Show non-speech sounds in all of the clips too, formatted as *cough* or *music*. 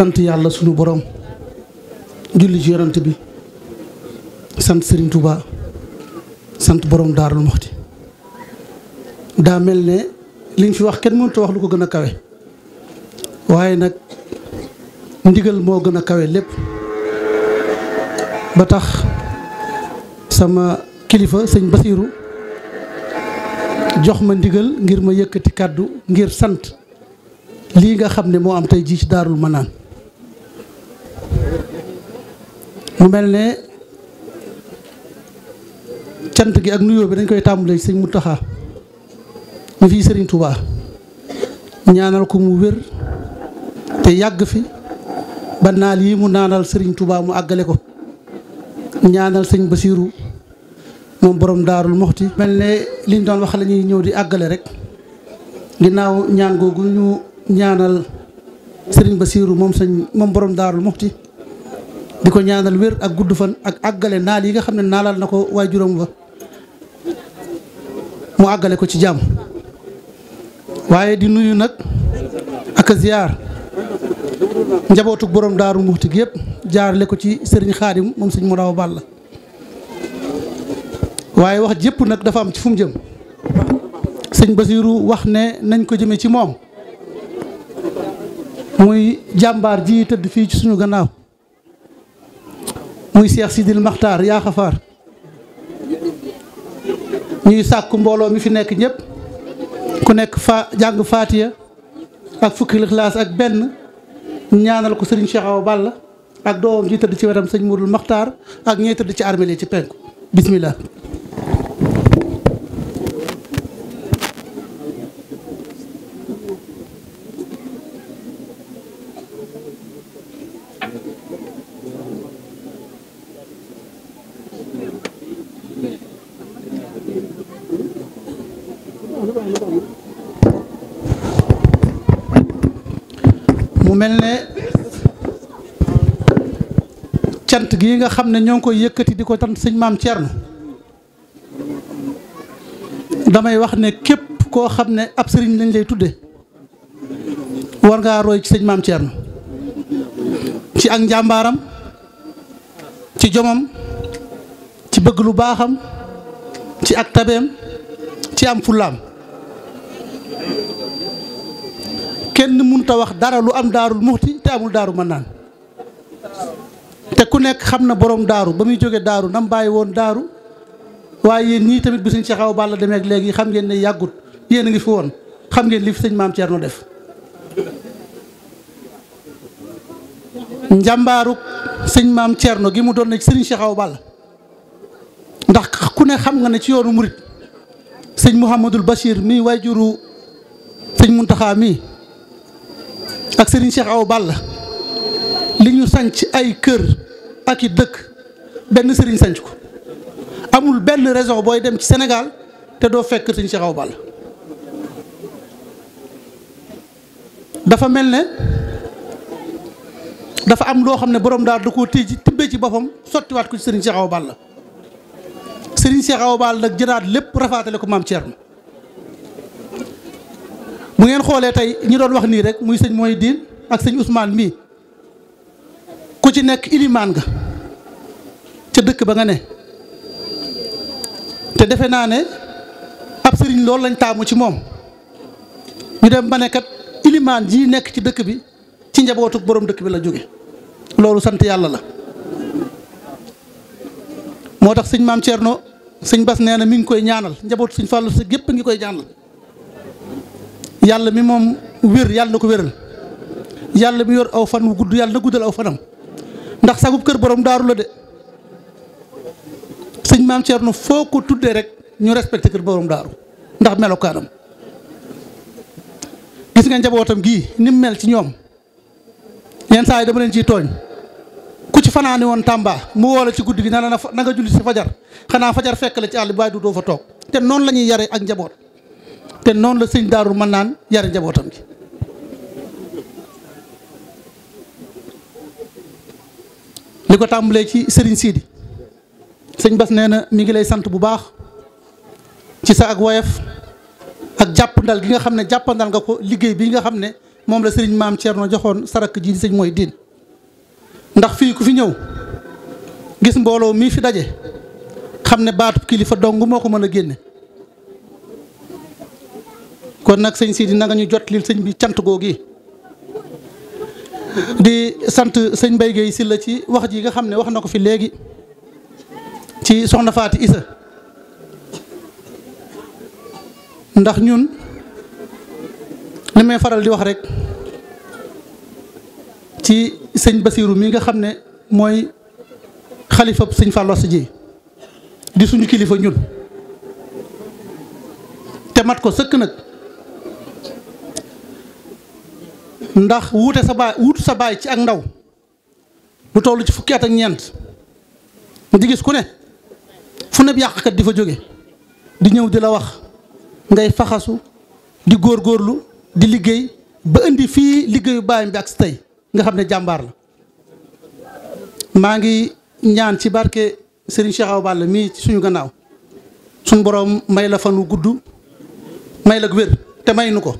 sant yàlla suñu boroom julli ci yonent bi sant Serigne Touba sant boroom Daarul Muxti daa mel ne liñ fi wax kenn mënut wax lu ko gën a kawe waaye nag ndigal moo gën a kawe lépp ba tax sama kilifa sëñ Basiiru jox ma ndigal ngir ma yëkkati kàddu ngir sant lii nga xam ne moo am tey jii ci daarul manaan mu mel ne cant gi ak nuyoo bi dañ koy tàmbalee sëñ mu Mountakha ñu fii sëriñ Touba ñaanal ko mu wér te yàgg fi ba naal yi mu naanal sëriñ Touba mu àggale ko ñaanal sëñ Basiiru moom borom daarul moxti mel ne liñ doon wax lañuy ñëw di àggale rek ginnaaw ñaan googu ñu ñaanal sëriñ Basiiru moom sëñ moom borom daarul moxti di ko ñaanal wér ak gudd fa ak àggale naal yi nga xam ne naalal na ko waay juróom ba mu àggale ko ci jàmm waaye di nuyu nag ak ziar njabootuk borom daaru muxti gi yëpp jaarale ko ci sëriñ xaadim moom sëñ mu Modaw Balla waaye wax jëpp nag dafa am ci fu jëm sëñ Basiiru wax ne nañ ko jëmee ci moom muy jàmbaar ji tëdd fii ci suñu gannaaw muy Cheikh Sidil Maxtaar yaa xafaar ñuy sàkku mbooloo mi fi nekk ñëpp ku nekk fa jàng faatiya ak fukki lixlaas ak benn ñaanal ko sëriñ Cheikh Awa Balla ak doomam ji tëdd ci wetam sëñ Mourul Maxtaar ak ñey tëdd ci armeel yi ci penku bismillah mu mel ne cant gi nga xam ne ñoo ngi koy yëkkati di ko tant sëñ maam Thierno damay wax ne képp koo xam ne ab sëriñ lañ lay tudde war ngaa roy ci sëñ maam Thierno ci ak njàmbaaram ci jomam ci bëgg lu baaxam ci ak tabeem ci am fullaam kenn mënut wax dara lu am daarul muxti te amul daaru mën naan te ku nekk xam na boroom daaru ba muy jóge daaru nam bàyyi woon daaru waaye nii ñii tamit bu sëñ Cheikh Awa Balla demee léegi xam ngeen ne yàggut yéen a ngi fi woon xam ngeen li fi sëñ maam Thierno def njàmbaaruk sëñ maam Thierno gi mu doon na sëriñ Cheikh Awa Balla ndax ku ne xam nga ne ci yoonu murit sëñ Mouhamadul Bachir mii waajuru sëñ Muntaxa mii ak Serigne Cheikh Awa la li ñu sanc ay kër ak i dëkk benn Serigne sanc ko amul benn région booy dem ci Sénégal te doo fekk Serigne Cheikh Awa Balla dafa mel ne dafa am loo xam ne borom daal da koo tijji tibbee ci boppam sottiwaat ko ci Serigne Cheikh Awa Balla Serigne Cheikh Awa Balla nag jënaat lépp rafaatale ko maam Thierno. bu ngeen xoolee tey ñi doon wax nii rek muy sëñ mooy diin ak sëñ Ousmane mii ku ci nekk ilimaan nga ca dëkk ba nga ne te defe naa ne ab sëriñ loolu lañ taamu ci moom ñu dem ba nekkat ilimaan jii nekk ci dëkk bi ci njabootu borom dëkk bi la jóge loolu sant yàlla la moo tax sëñ maam Thierno sëñ Bas nee na mi ngi koy ñaanal njaboot sëñ Fallou si gépp ngi koy ñaanal yàlla mi moom wér yàlla na ko wéral yàlla mi yor aw fan wu gudd yàlla na guddal aw fanam ndax sagub kër borom daaru la de sëñ maam na foo ko tuddee rek ñu respecté kër borom daaru ndax melokaanam gis nga njabootam gii ni mu mel ci ñoom yenn saa yi dama leen ciy tooñ ku ci fanaani woon Tamba mu woo ci guddi gi na la na nga julli si fajar xanaa fajar fekk la ci àll bi waaye du doo fa toog te noonu la ñuy yare ak njaboot. te noonu la sëñ daaru mën naan yar njabootam gi li ko tàmbalee ci sëriñ siidi sëñ bas nee na mi ngi lay sant bu baax ci sa ak woyof ak jàpp jàppandal gi nga xam ne jàppandal nga ko liggéey bi nga xam ne moom la sëriñ maam Thierno joxoon sarak ji di sëñ mooy diin ndax fii ku fi ñëw gis mbooloo mii fi daje xam ne baatu kilifa dong moo ko mën a génne kon nag sëñ Sidi na nga ñu jot lil sëñ bi cant googi di sant sëñ Mbaye Guèye Sylla ci wax ji nga xam ne wax na ko fi léegi ci soxna Faati Isa ndax ñun li may faral di wax rek ci sëñ Basiiru mi nga xam ne mooy xalifa sëñ Fallos ji di suñu kilifa ñun te mat ko sëkk nag ndax wuute sa baay wuutu sa baay ci ak ndaw lu toll ci fukki ak ñeent di gis ku ne fu ne yàqkat di fa jóge di ñëw di la wax ngay faxasu di góor góorlu di liggéey ba indi fii liggéeyu baayam bi ak si tey nga xam ne jàmbaar la maa ngi ñaan ci barke Serigne Cheikh Awa Balla mii ci suñu gannaaw suñ borom may la fan wu gudd may la wér te may nu ko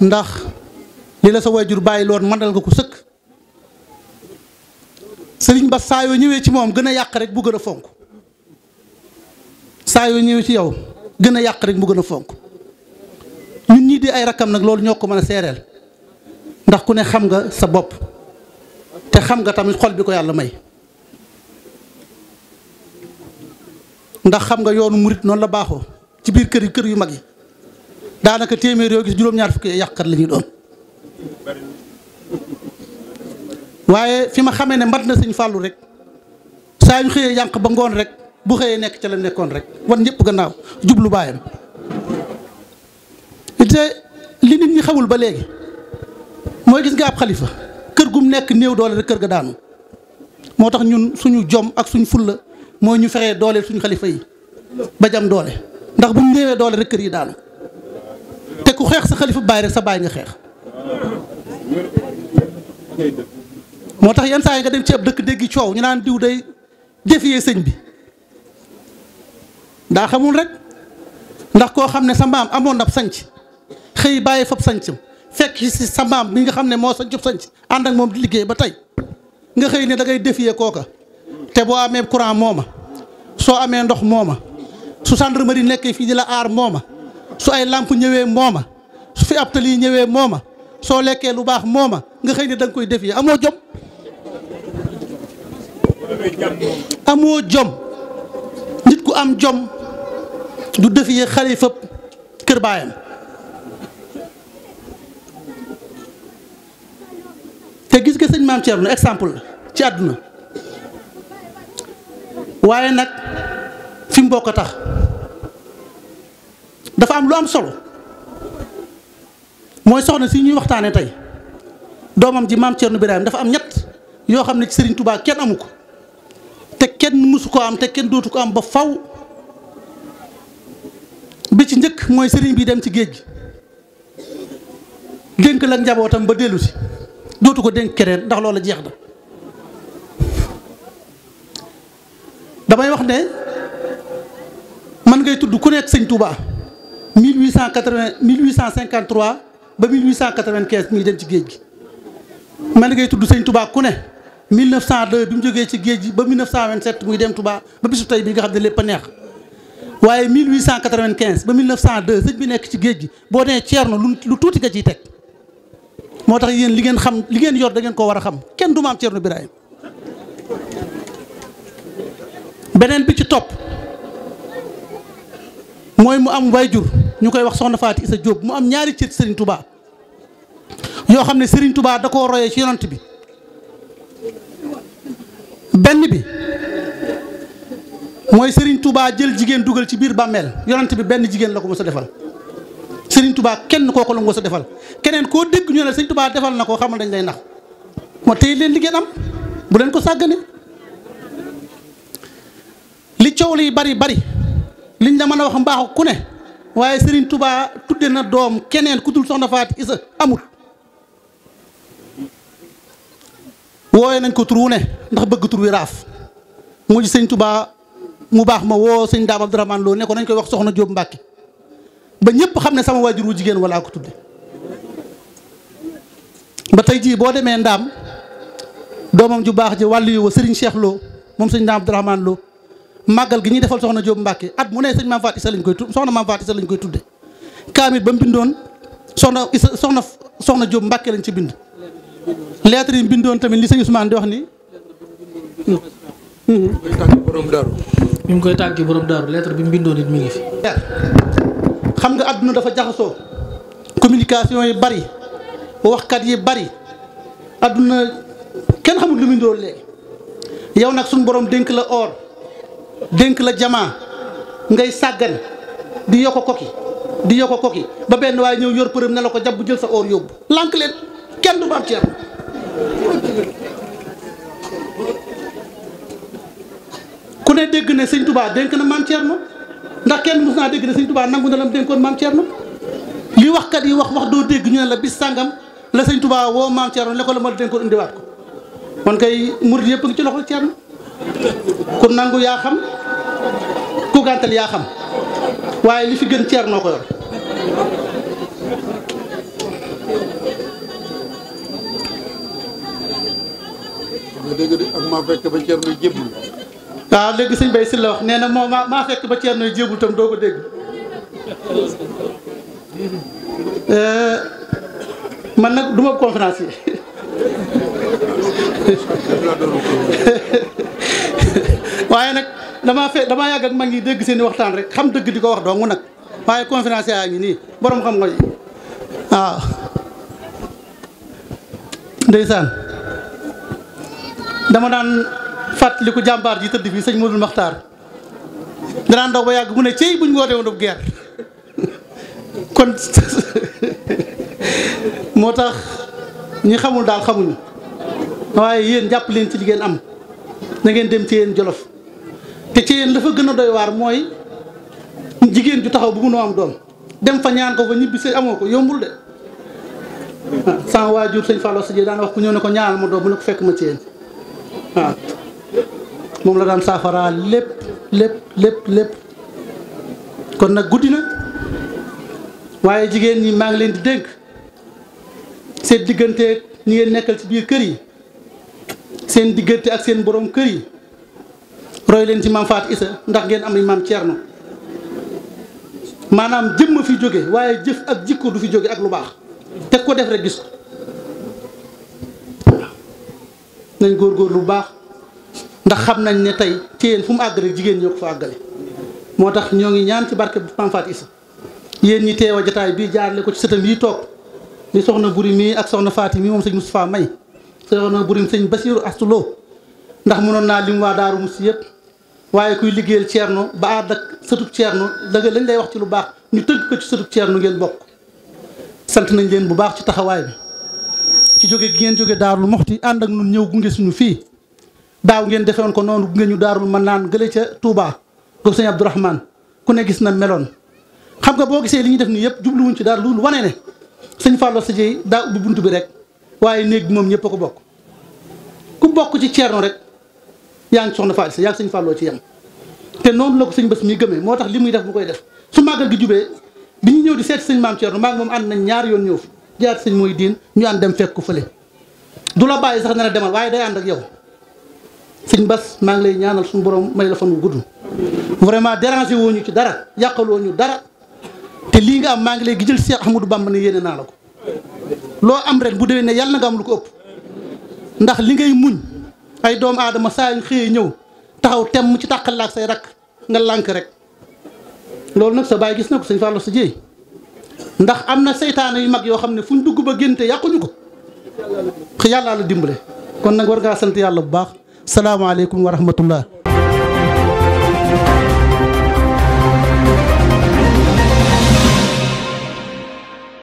ndax li la sa jur bàyyi lool mandal nga ko sëkk sëriñ ba saa yoo ñëwee ci moom gën a yàq rek bu gën a fonk saa yoo ñëwee ci yow gën a yàq rek bu gën a fonk ñun ñii di ay rakkam nag loolu ñoo ko mën a seereel ndax ku ne xam nga sa bopp te xam nga tamit xol bi ko yàlla may ndax xam nga yoonu murit noonu la baaxoo ci biir kër yi kër yu mag yi daanaka téeméer yoo gis juróom-ñaar fukki yàqkat la ñuy doon waaye fi ma xamee ne mat na sëñ fàllu rek saa yu xëyee yànq ba ngoon rek bu xëyee nekk ca la nekkoon rek wan ñëpp gannaaw jublu baayam te li nit ñi xamul ba léegi mooy gis nga ab xalifa kër gum nekk néew doole rek kër ga daanu moo tax ñun suñu jom ak suñu fulla mooy ñu fexee doole suñu xalifa yi ba jam doole ndax bu ñu néewee doole rek kër yi daanu te ku xeex sa xalifa baay rek sa baay nga xeex moo tax yenn saa yi nga dem ci ab dëkk dégg coow ñu naan diw day défier sëñ bi daa xamul rek ndax koo xam ne sa mbaam amoon na sanc xëy bàyyi fab sancam fekk si sa maam mi nga xam ne moo sancub sanc ànd ak moom di liggéey ba tey nga xëy ne da ngay kooka te boo amee courant mooma soo amee ndox mooma su gendarmerie nekkee fii di la aar mooma su ay làmp ñëwee mooma su fi ab tali ñëwee mooma soo lekkee lu baax mooma nga xëy ne danga koy def yi amoo jom amoo jom nit ku am jom du def yi xalifa kër baayam te gis nga sëñ maam Thierno exemple ci àdduna waaye nag fi mu bokk tax dafa am lu am solo mooy soxna si ñuy waxtaanee tey doomam ji maam Thierno Birahim dafa am ñett yoo xam ne ci Serigne Touba kenn amu ko te kenn mësu koo am te kenn dootu ko am ba faw bi ci njëkk mooy Serigne bi dem ci géej gi dénk la njabootam ba dellu si dootu ko dénk keneen ndax loola jeex na damay wax ne man ngay tudd ku nekk sëñ Touba 1880 1853. ba 1895 muy dem ci géej gi man ngay tudd sëñ Touba ku ne 1902 bi mu jógee ci géej gi ba 1927 muy dem Touba ba bisu tey bi nga xam ne lépp a neex waaye 1895 ba 1902 sëñ bi nekk ci géej gi boo nee Ceerno lu tuuti nga ciy teg moo tax yéen li ngeen xam li ngeen yor da ngeen koo war a xam kenn du ma am bi ci topp mooy mu am wayjur ñu koy wax soxna Faati Isa Jóob mu am ñaari cër Sëriñ Touba yoo xam ne sëriñ tubaa da koo royee ci yonant bi benn bi mooy sëriñ tubaa jël jigéen dugal ci biir bàmmeel yonant bi benn jigéen la ko mos a defal Serigne Touba kenn kooku la mos a defal keneen koo dégg ñu ne Serigne Touba defal na ko ne dañ lay nax moo tey leen liggéey am bu leen ko sàggane li coow lii bari bari liñ la mën a wax mbaax ku ne waaye Serigne Touba tudde na doom keneen ku dul soxna Faati Isa amul. wooye nañ ko tur wu ne ndax bëgg tur wi raaf mu ji sëñ Touba mu baax ma woo sëñ Daam Abdourahmane Lo ne ko nañ koy wax soxna Jóob Mbàkke ba ñëpp xam ne sama waajur wu jigéen wala ko tudde ba tey jii boo demee ndaam doomam ju baax ji wàllu yu sëriñ Cheikh moom sëñ Daam Abdourahmane Lo màggal gi ñuy defal soxna Jóob Mbàkke at mu ne sëñ Maam Faat Isa lañ koy tudd soxna Maam Faat Isa lañ koy tudde kaamit ba mu bindoon soxna Isa soxna soxna Jóob Mbàkke lañ ci bind lettre yi bindoon tamit li sëñ Ousmane di wax ni. bi mu koy tàgg borom daaru. bi mu koy bi mu bindoon it mi ngi fi. xam nga àdduna dafa jaxasoo communication yi bari waxkat yi bari àdduna kenn xamul lu mu doon yow nag suñu boroom dénk la or dénk la jamaa ngay sàggan di yokk kokki di yokk ba benn waaye ñëw yor përëm ne la ko jàpp jël sa or yóbbu lànk leen. kenn du maam Thierno ku ne dégg ne sëñ Touba denk na maam Thierno ndax kenn mus naa dégg ne sëñ Touba nangu na la mu dénkoon maam Thierno li waxkat yi wax wax doo dégg ñu ne la bis sàngam la sëñ tubaa woo maam Thierno ne ko la ma dénkoon indiwaat ko man kay murid yëpp ngi ci loxol Thierno ku nangu yaa xam ku gàntal yaa xam waaye li fi gën Thierno ko yor. nga dégg de ak maa fekk ba Thierno jébul. waaw ah, léegi sëñ Bay si la wax nee na moom maa fekk ba Thierno jébul tam doo ko dégg. Eh, man nag du ma conférencier *laughs* waaye nag damaa fe damaa yàgg ak mag ñi dégg seen waxtaan rek xam dëgg di ko wax dong nag waaye conférencier yaa ngi nii boroom xam nga ah. waaw ndeysaan dama daan fàttaliku jàmbaar ji tëdd fii sëñ Modou Maxtaar danaan daw ba yàgg mu ne cey buñ wootee woon ab guerre *laughs* kon *laughs* moo tax ñi xamul daal xamuñu waaye yéen jàpp leen ci li ngeen am na ngeen dem ci yéen jolof te ci yéen dafa gën a doy waar mooy jigéen ju taxaw bu mënoo am doom dem fa ñaan ko fa ñibbi sa amoo ko yombul de. ah sama waajur sëñ Fallou Sadiya daan wax ku ñëw ne ko ñaanal ma doom mu ne ko fekk ma ci yéen. waaw *laughs* moom la daan saafaraa lépp lépp lépp kon nag guddi na waaye jigéen ñi maa ngi leen di dénk seen diggante ñi ngeen nekkal ci biir kër yi seen diggante ak seen boroom kër yi roy leen ci maam Faat Isa ndax ngeen am maam Thierno maanaam ma fi jóge waaye jëf ak jikko du fi jóge ak lu baax te ko def rek gis nañ góorgóorlu bu baax ndax xam nañ ne tey Thiéyène fu mu àgg jigéen ñoo ko fa àggale moo tax ñoo ngi ñaan ci barke bu Mame Faty Issa ñi teewa jataay bi jaarale ko ci sëtam yi toog ni soxna buri mii ak soxna Faty mii moom sëñ Moustapha May soxna buri sëñ Basiiru Astuloo ndax mënoon naa lim waa Daaru Musi yëpp waaye kuy liggéeyal Ceerno ba àdd ak sëtub Ceerno dëgg lañ lay wax ci lu baax ñu tënk ko ci sëtub Ceerno ngeen bokk sant nañ leen bu baax ci taxawaay bi ci jógee gi ngeen jóge daarul moxti ànd ak ñun ñëw gunge suñu fii daaw ngeen defee ko noonu gunge ñu daarul mën naan gële ca Touba gox sëñ Abdourahmane ku ne gis na meloon xam nga boo gisee li ñuy def nii yëpp jubluwuñ ci daal loolu wane ne sëñ Fallou Sadié daa ubbi bunt bi rek waaye néeg bi moom ñëpp ko bokk ku bokk ci Thierno rek yaa ngi soxna Fallou Sadié yaa sëñ Fallou ci yem te noonu la ko sëñ bés mi gëmee moo tax li muy def bu koy def su màggal gi jubee bi ñëw di seet sëñ maam Thierno maa moom ànd nañ ñaar yoon ñëw fi jaar sëñ mooy diin ñu ànd dem fekk ko fële du la bàyyi sax ne la demal waaye day ànd ak yow sëñ Bas maa ngi lay ñaanal suñu borom may la fan wu gudd. vraiment dérangé woo ñu ci dara yàqaloo ñu dara te lii nga am maa ngi lay gijël Cheikh Ahmadou Bamba ne na naa la ko loo am ren bu déwénee ne yàlla na nga am lu ko ëpp ndax li ngay muñ ay doomu aadama saa yu xëyee ñëw taxaw temm ci tàqal la ak say rakk nga lànk rek loolu nag sa bàyyi gis na ko sëñ Fallou sa jéey ndax am na seytaane yu mag yoo xam ne fu ñu dugg ba génte yàquñu ko yàlla la dimbale kon nag war ngaa sant yàlla bu baax salaamaaleykum wa rahmatullah